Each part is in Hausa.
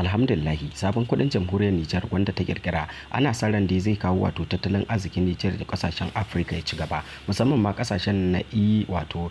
alhamdulillahi sabon kuɗin jamhuriyar nijar wanda ta kirkira ana sa ran da zai kawo wato tattalin arzikin nijar da kasashen afirka ya ci gaba musamman ma kasashen na e wato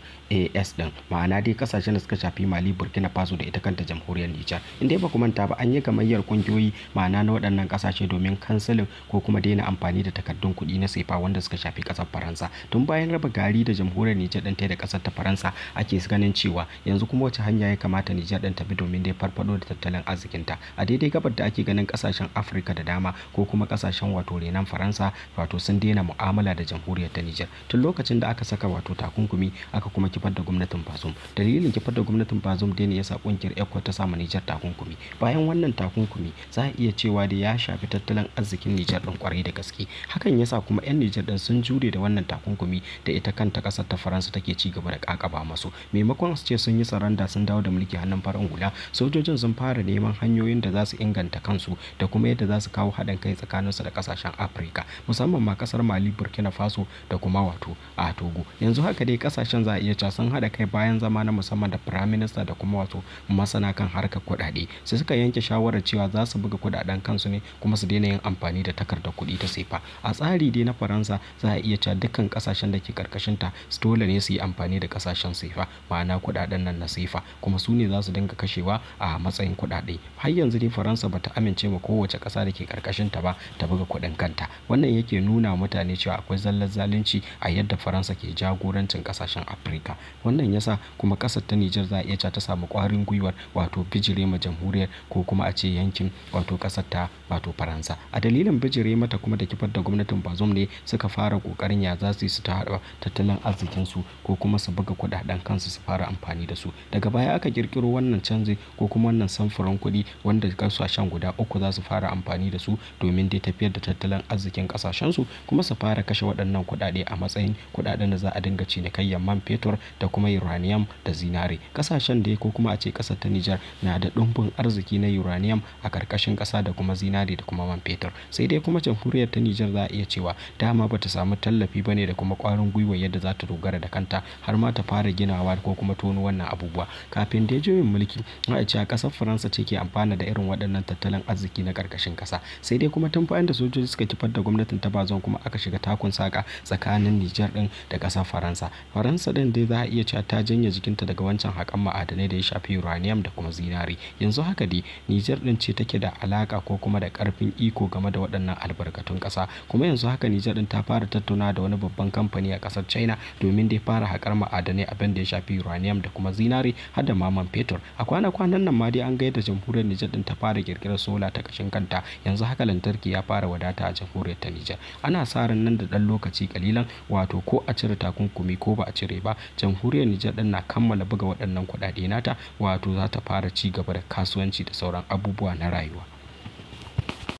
as din ma'ana dai kasashen da suka shafi mali burkina faso da ita kanta jamhuriyar nijar inda ba kuma manta ba an yi gamayyar kungiyoyi ma'ana na waɗannan kasashe domin kansilin ko kuma daina amfani da takardun kuɗi na sefa wanda suka shafi ƙasar faransa tun bayan raba gari da jamhuriyar nijar ɗin ta da ƙasar ta faransa ake ganin cewa yanzu kuma wace hanya ya kamata nijar ɗin ta bi domin dai farfado da tattalin arzikinta a daidai gabar da ake ganin kasashen afirka da dama ko kuma kasashen wato renan faransa wato sun daina mu'amala da jamhuriyar ta nijar tun lokacin da aka saka wato takunkumi aka kuma kifar da gwamnatin bazum dalilin kifar da gwamnatin bazum daina yasa kungiyar ekwa ta samu nijar takunkumi bayan wannan takunkumi za a iya cewa da ya shafi tattalin arzikin nijar din kwarai da gaske hakan yasa kuma 'yan nijar din sun jure da wannan takunkumi da ita kanta kasar ta faransa take ci gaba da kakaba masu maimakon su ce sun yi saranda sun dawo da mulki hannun farin hula sojojin sun fara neman hanyoyi hanyoyin da za su inganta kansu da kuma yadda za su kawo haɗin kai tsakaninsu da ƙasashen afirka musamman ma ƙasar mali burkina faso da kuma wato a togo yanzu haka dai ƙasashen za a iya casan haɗa kai bayan zama na musamman da firaminista da kuma wato masana kan harkar kuɗaɗe sai suka yanke shawarar cewa za su buga kuɗaɗen kansu ne kuma su daina yin amfani da takardar kuɗi ta sefa a tsari dai na faransa za a iya ca dukkan ƙasashen da ke karkashin ta dole ne su yi amfani da ƙasashen sefa ma'ana kuɗaɗen nan na sefa kuma su ne za su dinga kashewa a matsayin kuɗaɗe har yanzu dai faransa ba ta amince ma kowace ƙasa da ke karkashin ta ba ta buga kuɗin kanta wannan yake nuna mutane cewa akwai zallar zalunci a yadda faransa ke jagorancin kasashen afirka wannan yasa kuma ƙasar ta nijar za a iya ta samu kwarin gwiwar wato bijire ma jamhuriyar ko kuma a ce yankin wato ƙasar ta wato faransa a dalilin bijire mata kuma da kifar da gwamnatin bazum ne suka fara ƙoƙarin ya za su yi su ta haɗa tattalin arzikinsu ko kuma su buga kuɗaɗen kansu su fara amfani da su daga baya aka ƙirƙiro wannan canji ko kuma wannan samfurin kuɗi wanda kasashen guda uku za su fara amfani da su domin dai tafiyar da tattalin arzikin kasashen su kuma su fara kashe waɗannan kuɗaɗe a matsayin kuɗaɗen da za a dinga cinikayyar man fetur da kuma uranium da zinare kasashen da ko kuma a ce ƙasar ta Nijar na da ɗumbin arziki na uranium a ƙarƙashin ƙasa da kuma zinare da kuma man fetur sai dai kuma jamhuriyar ta Nijar za a iya cewa dama bata samu tallafi ba ne da kuma ƙwarin gwiwa yadda za ta dogara da kanta har ma ta fara ginawa ko kuma tono wannan abubuwa kafin da juyin mulki a ce a ƙasar Faransa ce ke amfana da irin waɗannan tattalin arziki na ƙarƙashin ƙasa sai dai kuma tun bayan da sojoji suka kifar da gwamnatin ta bazon kuma aka shiga takun saka tsakanin Nijar din da ƙasar Faransa Faransa din dai za a iya cewa ta janye jikinta daga wancan haƙan ma'adanai da ya shafi uranium da kuma zinari yanzu haka dai Nijar din ce take da alaka ko kuma da ƙarfin iko game da waɗannan albarkatun ƙasa kuma yanzu haka Nijar din ta fara tattauna da wani babban kamfani a ƙasar China domin dai fara haƙar ma'adanai abin da ya shafi uranium da kuma zinari har da maman fetur a kwana-kwanan nan ma dai an da jamhuriyar Nijar din ta fara kirkirar sola ta kashin kanta yanzu haka lantarki ya fara wadata a jamhuriyar ta Nijar ana sa ran nan da dan lokaci kalilan wato ko a cire takunkumi ko ba a cire ba jamhuriyar Nijar din na kammala buga waɗannan kuɗaɗe nata wato za ta fara ci gaba da kasuwanci da sauran abubuwa na rayuwa